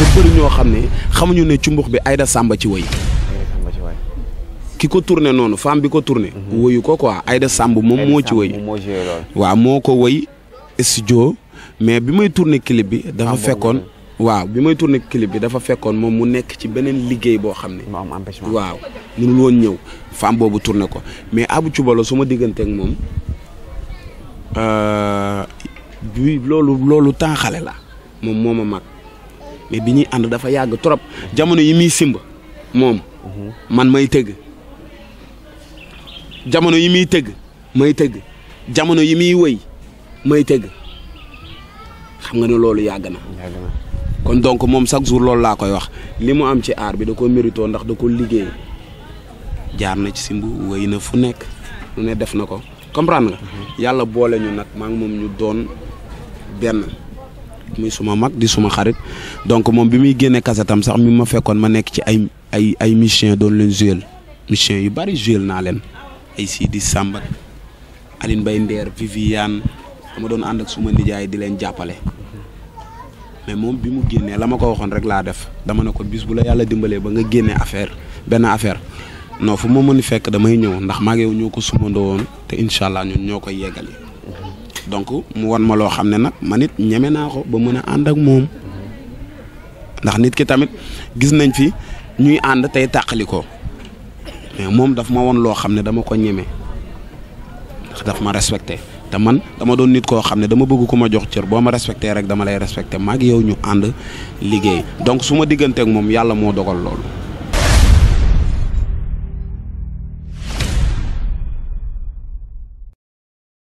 dafa bëri ñoo xam ne xamuñu ne cumbux bi Aïda Samba ci woy ki ko tourné noonu femme bi ko tourné mhm. woyu ko quoi Aïda Samb moom moo ci woy waaw moo ko woy studio mais bi may tourné clip bi dafa fekkoon waaw bi may tourné clip bi dafa fekkoon moom mu nekk ci beneen liggéey boo xam ne waaw mënul woon ñëw femme boobu tourné ko mais abu Thioubalo su ma diggante ak moom euh, loolu loolu xale la moom moo ma mag mais bi ñuy dafa yàgg trop jamono yi mom, man may tëgg jamono yi muy tëgg may tëgg jamono yi muy wëy may tëgg xam nga ne loolu yàgg na kon donc moom chaque jour loolu laa koy wax li mu am ci aar bi da ko mérito ndax da ko liggéey jaar na ci na fu ne def comprendre nga mhm. ñu ngi ñu doon muy suma mag di suma xarit donc moom bi muy génne kasetam sax mi ma fekkoon ma nekk ci ay ay ay musiciens doon leen jouer musiciens yu bari jouer naa leen ay di Samba Aline Bay Ndeer Viviane dama doon ànd ak suma nijaay di leen jàppale mais moom bi mu génnee la ma ko waxoon rek laa def dama ne ko bis bu la yàlla dimbalee ba nga génne affaire benn affaire non fu ma mën fekk damay ñëw ndax maa ngi yow ñoo ko sumandoo woon te incha allah ñun ñoo koy yeggali donc mu won ma loo xam ne nag man it ñeme naa ko ba mën a ànd ak moom ndax nit ki tamit gis nañ fi ñuy ànd tey tàqali ko mais moom dafa ma won loo xam ne dama ko ñeme dafa ma respecté te man dama doon nit koo xam ne dama bëgg ko ma jox cër boo ma respecté rek dama lay respecté maag yow ñu ànd liggéey donc su ma digganteeg moom yàlla moo dogal loolu.